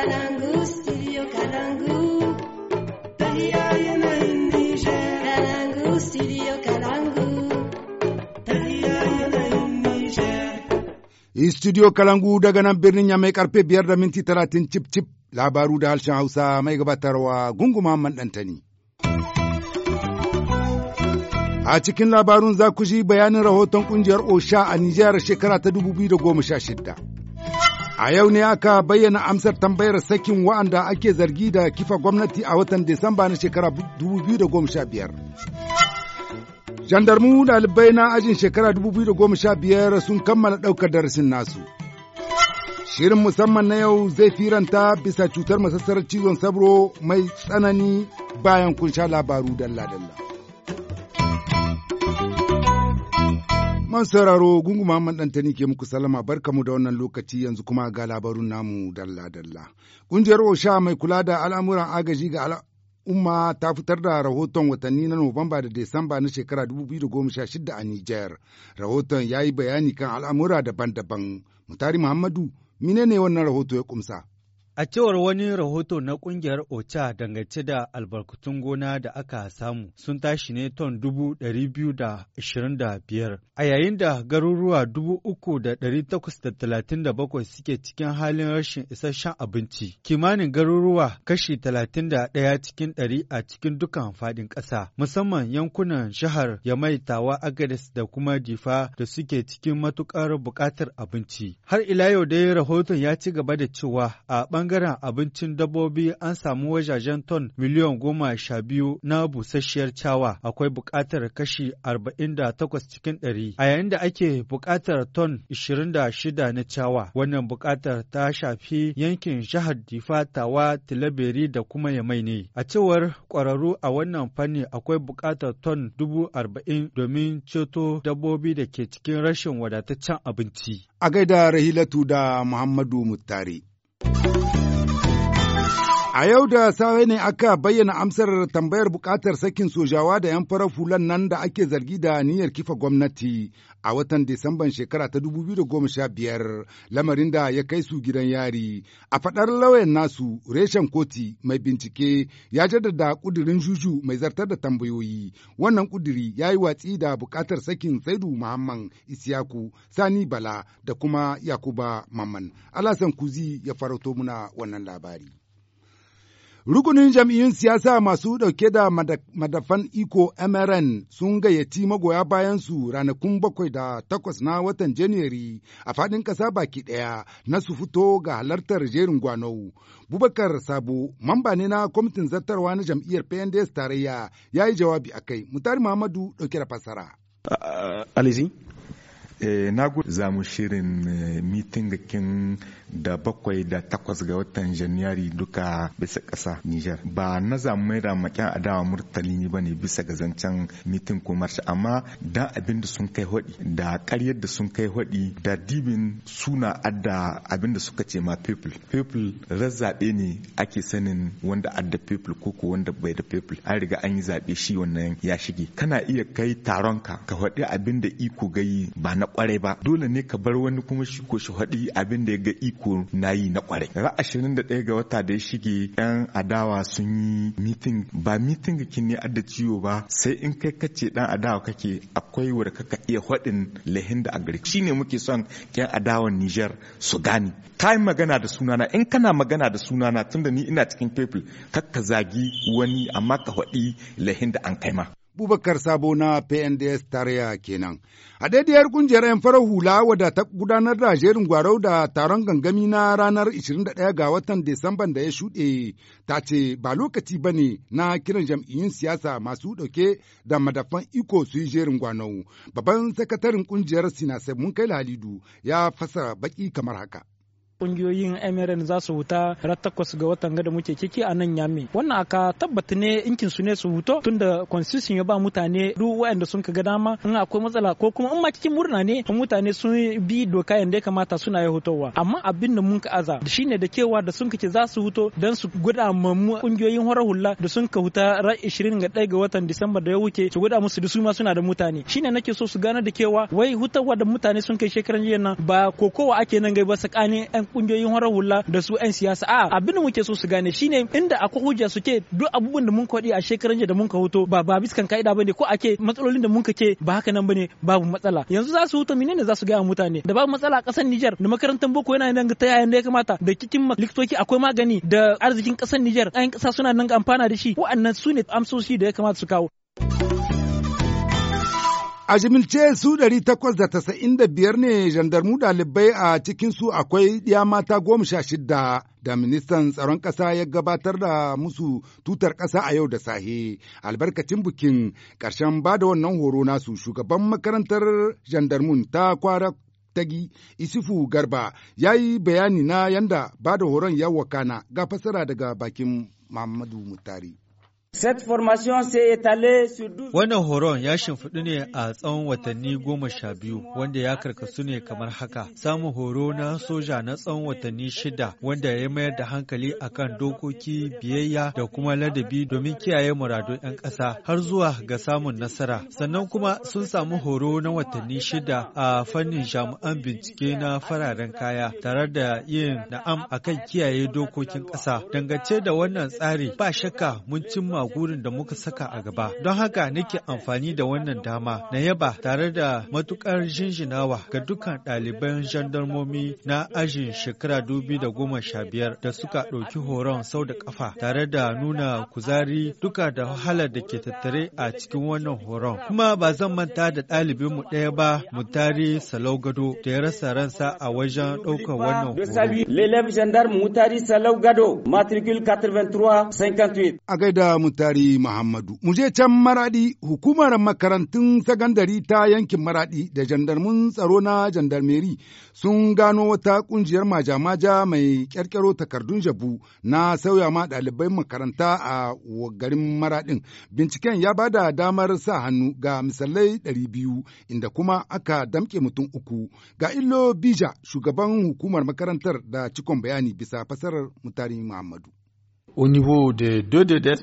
Kalangu, studio Kalangu. yana Kalangu, studio Kalangu. yana Studio Kalangu daga nan birnin ya mai karfe biyar da minti talatin cip cip labaru da harshen Hausa mai gabatarwa gunguma dantani A cikin labarun za ku ji bayanin rahoton ƙungiyar OSHA a Nijar shekara ta 2016. A yau ne aka bayyana amsar tambayar sakin wa'anda ake zargi da kifa gwamnati a watan Disamba na shekara 2015. Jandarmu ɗalibai na ajin shekara 2015 sun kammala ɗaukar darasin nasu. Shirin musamman na yau zai firanta bisa cutar masassarar cizon sabro mai tsanani bayan kun sha labaru dalla-dalla. Man sauraro gungu Muhammad ɗantani ke muku salama barkamu da wannan lokaci yanzu kuma ga labarun namu dalla-dalla. Ƙungiyar OSHA mai kula da al'amuran agaji ga al'umma ta fitar da rahoton watanni na Nuwamba da Desamba na shekara 2016 a Nijar. Rahoton ya yi bayani kan al'amura daban-daban. Mutari Muhammadu, ne wannan rahoto ya kumsa? A cewar wani rahoto na kungiyar OCHA dangance da albarkatun gona da aka samu sun tashi ne ton dubu a yayin da garuruwa dubu suke cikin halin rashin isasshen abinci, kimanin garuruwa kashi talatin da cikin ɗari a cikin dukan faɗin ƙasa, musamman yankunan jihar yamaitawa Tawa Agades da kuma Difa da suke cikin matuƙar buƙatar abinci. Har ila yau dai rahoton ya ci gaba da cewa a ɓangaren ɓangaren abincin dabbobi an samu wajajen ton miliyan goma sha biyu na busasshiyar cawa akwai buƙatar kashi arba'in da takwas cikin ɗari a yayin da ake buƙatar ton ishirin da shida na cawa, wannan buƙatar ta shafi yankin jihar difa tawa tilaberi da kuma yamai ne a cewar ƙwararru a wannan fanni akwai buƙatar ton dubu arba'in domin ceto dabbobi da ke cikin rashin wadataccen abinci a gaida rahilatu da muhammadu muttari A yau da safe ne aka bayyana amsar tambayar bukatar sakin sojawa da 'yan farar fulan nan da ake zargi da niyyar kifa gwamnati a watan Disamban shekara ta 2015 lamarin da ya kai su gidan yari. A faɗar lauyan nasu reshen koti mai bincike ya jaddada ƙudirin juju mai zartar da tambayoyi. Wannan ƙudiri ya yi watsi da bukatar sakin Saidu Muhammad Isiyaku, Sani Bala da kuma Yakuba maman Alasan Kuzi ya farauto muna wannan labari. Rukunin jam'iyyun siyasa masu ɗauke da madafan iko MRN sun gayyaci magoya bayansu ranakun bakwai da takwas na watan Janairu a faɗin ƙasa baki ɗaya na su fito ga halartar jerin gwanau. Bubakar Sabo, mamba ne na kwamitin zartarwa na jam'iyyar PNDS tarayya, ya yi jawabi a kai. Mutari Muhammadu ɗauke da fassara. Uh, Eh, na gudu za mu shirin eh, mitin da bakwai da takwas ga watan janairu duka bisa ƙasa niger ba na za mu maida makin adawa murtali ba ne bisa ga zancen mitin ko marsha amma da abin da sun kai hodi da karyar da sun kai hodi da dibin suna adda abin da suka ce ma people people razzabe ne ake sanin wanda adda people ko ko wanda bai da people an riga an yi zaɓe shi wannan ya shige kana iya kai taron ka ka faɗi abin da iko gayi ba na kwarai ba dole ne ka bar wani kuma shi ko shi haɗi abin da ya ga iko na yi na kwarai ra ashirin da ga wata da ya shige yan adawa sun yi meeting, ba meeting kin ne adda ciwo ba sai in kai kace dan adawa kake akwai wanda kaka iya haɗin lahin da agari shine muke son yan adawan Niger su gani ka magana da sunana in kana magana da sunana tunda ni ina cikin people kakka zagi wani amma ka haɗi lahin da an kai ma Bubakar Sabo na PNDS tarayya kenan. a daidaiyar kungiyar 'yan farar hula wadda ta gudanar da jerin gwarau da taron gangami na ranar 21 ga watan disamba da ya shuɗe ta ce ba lokaci ba ne na kiran jam'iyyun siyasa masu ɗauke da madafan iko su yi jerin gwanau. Babban sakataren kungiyar Sinasai Munkai Halidu ya fasa baki kamar haka. kungiyoyin MRN za su huta ra takwas ga watan gada muke ciki a nan Yami. Wannan aka tabbata ne inkin su ne su huto tunda constitution ya ba mutane duk waɗanda sun ka ga dama in akwai matsala ko kuma in ma cikin murna ne mutane sun bi doka yanda ya kamata suna ya hutowa. Amma abin da mun ka aza shine da cewa da sun kace za su huto dan su guda mamu kungiyoyin horar hula da sun ka huta ran 21 ga watan Disamba da ya wuce su guda musu da su ma suna da mutane. Shine nake so su gane da cewa wai hutawa da mutane sun kai shekaran jiya nan ba kokowa ake nan gai ba tsakanin 'yan kungiyoyin horar hula da su 'yan siyasa a abin da muke so su gane shine inda akwai hujja suke duk abubuwan da mun kwaɗi a shekaran jiya da mun ka hoto ba ba biskan ka'ida bane ko ake matsalolin da mun ka ke ba haka nan bane babu matsala yanzu za su huta menene za su gaya mutane da babu matsala a ƙasar Niger da makarantar boko yana nan ta yayin da ya kamata da kikin likitoci akwai magani da arzikin ƙasar Niger kayan ƙasa suna nan amfana da shi wa'annan su ne amsoshi da ya kamata su kawo A jimilce su biyar ne jandarmu ɗalibai a cikin su akwai ɗiya mata goma sha shidda da ministan tsaron ƙasa ya gabatar da musu tutar ƙasa a yau da sahe albarkacin bikin ƙarshen ba da wannan horo nasu shugaban makarantar jandarmun ta kwara tagi isufu garba ya yi bayani na yanda ba da horon ya wakana ga fasara daga bakin muhammadu mutari. Wannan horon ya shimfiɗu ne a tsawon watanni goma sha biyu wanda ya karkasu ne kamar haka. Samun horo na soja na tsawon watanni shida wanda ya mayar da hankali akan dokoki biyayya da kuma ladabi domin kiyaye muradun 'yan ƙasa har zuwa ga samun nasara. Sannan kuma sun samu horo na watanni shida a fannin jami'an bincike na fararen kaya tare da yin na'am akan kiyaye dokokin ƙasa. Dangance da wannan tsari ba shakka mun cimma cimma gurin da muka saka a gaba. Don haka nake amfani da wannan dama na yaba tare da matukar jinjinawa ga dukkan ɗaliban jandarmomi na ajin shekara dubi da goma sha biyar da suka ɗauki horon sau da ƙafa tare da nuna kuzari duka da wahala da ke tattare a cikin wannan horon. Kuma ba zan manta da mu ɗaya ba Mutari Salau Gado da ya rasa ransa a wajen ɗaukar wannan 58. A gaida tari Muhammadu. Mu can Maraɗi, hukumar makarantun sagandari ta yankin Maraɗi da jandarmun tsaro na jandarmeri sun gano wata ƙungiyar maja-maja mai ƙyarƙyaro takardun jabu na sauya ma ɗalibai makaranta a garin Maraɗin. Binciken ya ba da damar sa hannu ga misalai ɗari biyu inda kuma aka damƙe mutum uku. Ga Illo Bija, shugaban hukumar makarantar da cikon bayani bisa fasarar Mutari Muhammadu.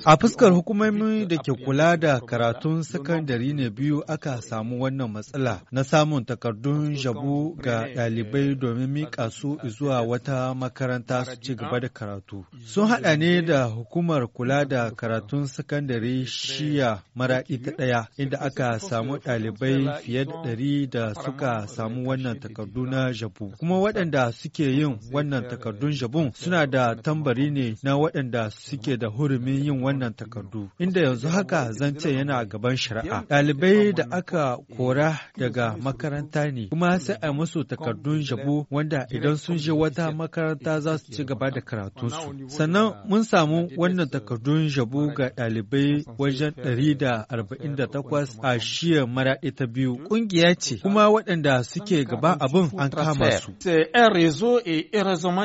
A fuskar hukumomi da ke kula da karatun sakandare ne biyu aka samu wannan matsala na samun takardun jabu ga ɗalibai domin miƙa su zuwa wata makaranta su ci gaba da karatu. Sun haɗa ne da hukumar kula da karatun sakandare shiya maraɗi ta ɗaya inda aka samu ɗalibai fiye da ɗari da suka samu wannan takardu na jabu. Kuma waɗanda suke yin wannan takardun jabun suna da tambari ne na waɗanda suke da hurumin yin wannan takardu, inda yanzu haka zance yana gaban shari'a. Ɗalibai da aka kora daga makaranta ne, kuma sai a musu takardun jabo wanda idan sun je wata makaranta za su ci gaba da karatunsu. Sannan mun samu wannan takardun jabo ga ɗalibai wajen 148 a shiyar maraɗi ta biyu. Ƙungiya ce, kuma waɗanda suke gaba abin an kama su. C'est un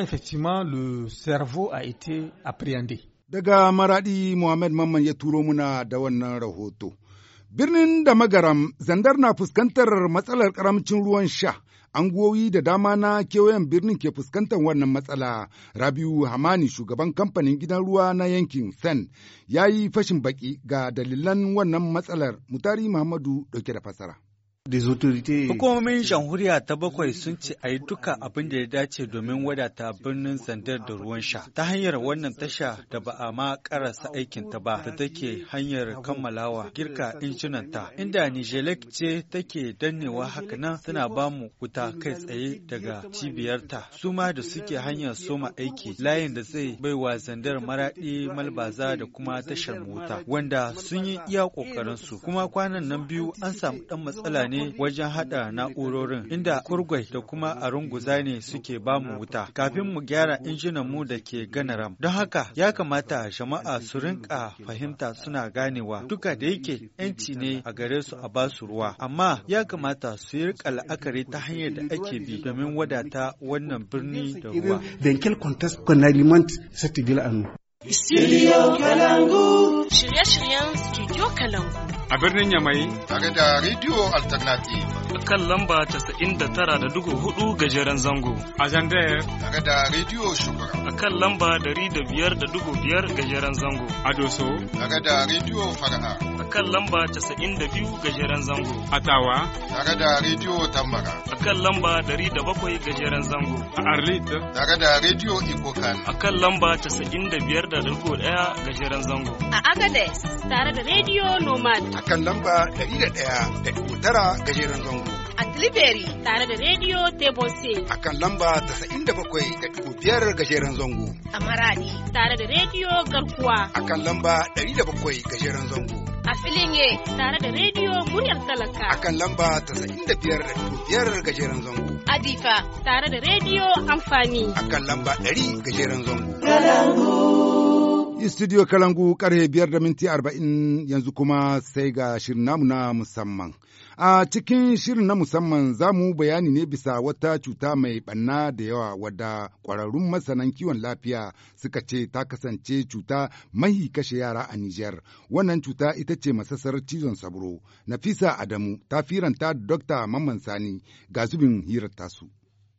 a été Daga Maraɗi Muhammad Mamman ya turo muna da wannan rahoto. Birnin da magaram zandar na fuskantar matsalar karamcin ruwan sha. Anguwoyi da dama na kewayen birnin ke fuskantar wannan matsala. Rabiu Hamani shugaban kamfanin gidan ruwa na yankin Sen ya yi fashin baki ga dalilan wannan matsalar. Mutari Muhammadu ɗauke da fasara. Hukumomin jamhuriya ta bakwai sun ce a yi duka abin da ya dace domin wadata birnin sandar da ruwan sha ta hanyar wannan tasha da ba a ma karasa aikin ta ba da take hanyar kammalawa girka injinanta inda Nijelek ce take dannewa haka nan suna bamu wuta kai tsaye daga cibiyarta su ma da suke hanyar soma aiki layin da zai bai wa zandar maraɗi malbaza da kuma tashar mota wanda sun yi iya ƙoƙarinsu kuma kwanan nan biyu an samu ɗan matsala amfani wajen hada na'urorin inda kurgwai da kuma a runguza ne suke bamu wuta kafin mu gyara injinan mu da ke ganaram. Don haka ya kamata jama'a su rinka fahimta suna ganewa duka da yake 'yanci ne a gare su a basu ruwa amma ya kamata su yi rika la'akari ta hanyar da ake bi domin wadata wannan birni da ruwa. Shirye-shiryen Studio A birnin Yamai. Tare da Radio Alternative. a kan lamba 99.4 gajeren zango. A Zandayar. Daga da Radio Shukura. A kan lamba 105.5 gajeren zango. A Doso. Daga da Radio Fara'a. A kan lamba 92 gajeren zango. A Tawa. Daga da Radio Tambara. A kan lamba 107 gajeren zango. A Arlit. Daga da Radio Ikokan. A kan lamba 95.1 gajeren zango. A Agades. Tare da Radio Nomad. A kan lamba 101.9 gajeren zango. a Tilibiri tare da Radio Debose. A kan lamba bakwai 97.5 gajeren zango. A Maradi tare da Radio Garkuwa. A kan lamba ɗari da bakwai gajeren zango. A Filinge tare da Radio Muryar Talaka. A kan lamba biyar biyar gajeren zango. A Difa tare da Radio Amfani. A kan lamba ɗari gajeren zango. Kalangu. studio kalangu karhe biyar da minti arba'in yanzu kuma sai ga shirin namu na musamman A cikin shirin na musamman za mu bayani ne bisa wata cuta mai ɓanna da yawa wadda ƙwararrun masanan kiwon lafiya suka ce ta kasance cuta mahi kashe yara a Nijar. Wannan cuta ita ce masasar cizon saburo, Nafisa Adamu ta firanta Dr. Mamman Sani ga zubin hirar tasu.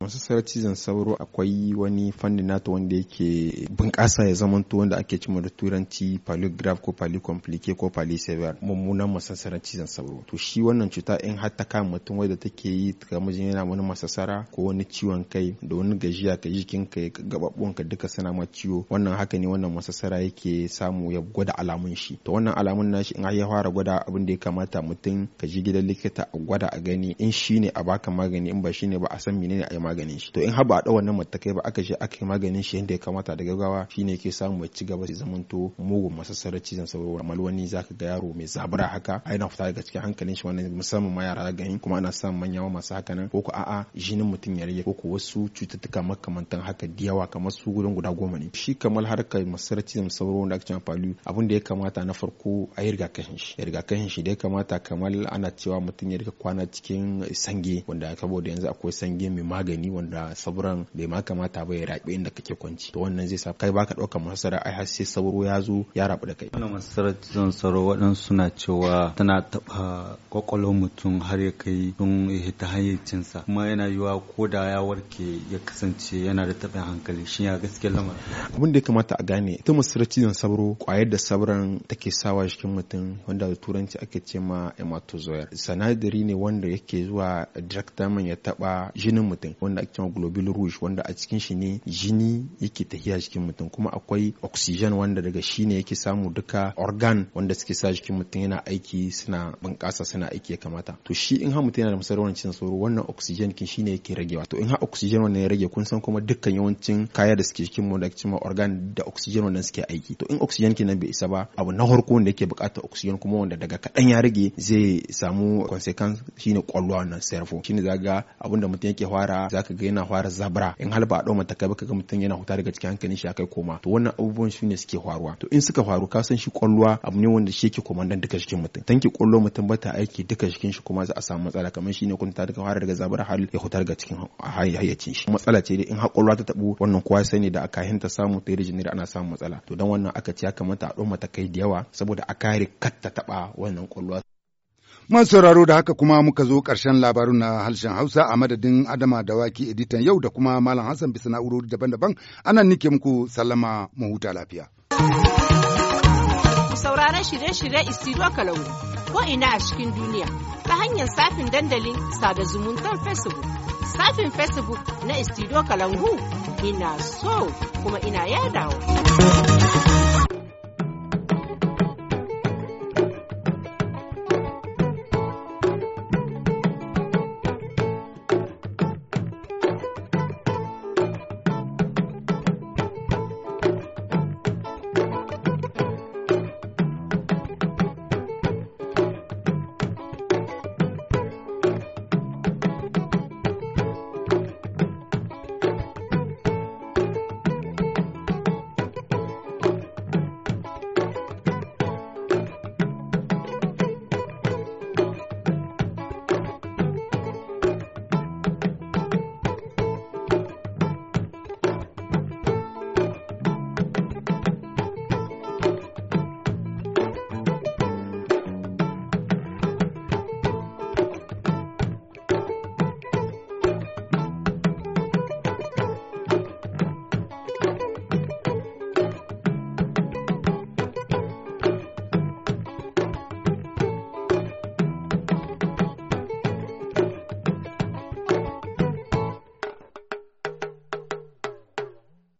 masassarar cizon sauro akwai wani fannin nata wanda yake bunƙasa ya zamanto wanda ake cimo da turanci polygraph ko polycomplique ko polysever mummunan masassarar cizon sauro to shi wannan cuta in har ta kama mutum wanda take yi ga mijin yana wani masasara ko wani ciwon kai da wani gajiya ka jikin ka gababbun ka duka suna ma ciwo wannan haka ne wannan masasara yake samu ya gwada alamun shi to wannan alamun nashi in har ya fara gwada abin da ya kamata mutum ka je gidan likita a gwada a gani in shine a baka magani in ba shine ba a san menene a maganin shi to in haba ba wannan matakai ba aka je aka yi maganin shi yadda ya kamata da gaggawa shine yake samu ya ci gaba ya zamanto mugun masassarar cizon sauro amma wani zaka ga yaro mai zabura haka a yana fita daga cikin hankalin shi wannan musamman ma yara gani kuma ana samun manya masu haka nan ko ko a'a jinin mutum ya rage ko ko wasu cututtuka makamantan haka da yawa kamar su gudan guda goma ne shi kamar harkar masassarar cizon sauro wanda aka ce palu abin da ya kamata na farko a yi rigakafin shi rigakafin shi da ya kamata kamar ana cewa mutum ya rika kwana cikin sange wanda saboda yanzu akwai sange mai magani Ni wanda sauran bai ma kamata ba ya rabe inda kake kwanci to wannan zai sa kai baka ɗaukar masara ai har sai sauro ya zo ya rabu da kai wannan masarar cizon sauro waɗansu na cewa tana taɓa kwakwalwar mutum har ya kai tun ya ta cinsa. kuma yana yiwa ko da ya warke ya kasance yana da taɓin hankali shi ya gaske lamar abin da ya kamata a gane ita masarar cizon sauro kwayar da sauran take sawa jikin mutum wanda da turanci ake ce ma hematozoa sanadari ne wanda yake zuwa direct ya taɓa jinin mutum wanda ake cewa globule rouge wanda a cikin shi ne jini yake tahiya jikin mutum kuma akwai oxygen wanda daga shi ne yake samu duka organ wanda suke sa jikin mutum yana aiki suna bunƙasa suna aiki ya kamata to shi in har mutum yana da masarauran cin sauro wannan oxygen kin ne yake ragewa to in har oxygen wannan ya rage kun san kuma dukkan yawancin kaya da suke jikin mu da cewa organ da oxygen wannan suke aiki to in oxygen kin nan bai isa ba abu na harko wanda yake bukata oxygen kuma wanda daga kaɗan ya rage zai samu consequence shine kwallo wannan servo shine zaga abinda mutum yake fara zaka ga yana fara zabra in hal ba a dau matakai ba ga mutum yana huta daga cikin hankalin shi akai koma to wannan abubuwan shi ne suke faruwa to in suka faru ka san shi kwalluwa abu ne wanda shi yake komandan duka jikin mutum tanki kwallo mutum bata aiki duka cikin shi kuma za a samu matsala kamar shi ne kun ta daga fara daga zabra har ya huta daga cikin hayyacin shi matsala ce dai in har kwalluwa ta tabu wannan kowa sai ne da aka hinta samu ta yi ana samun matsala to dan wannan aka ce ya kamata a dau matakai da yawa saboda a kare kar ta taba wannan kwalluwa Man sauraro da haka kuma muka zo ƙarshen labarun na harshen Hausa a madadin Adama dawaki editan yau da kuma Malam Hassan bisa na'urori daban-daban anan nike muku sallama mu huta lafiya. Sauraron shirye-shirye Istiro Kalau ko ina a cikin duniya ta hanyar safin dandalin sada zumuntar Facebook. Safin Facebook na Istiro Kalangu ina so kuma ina yadawa.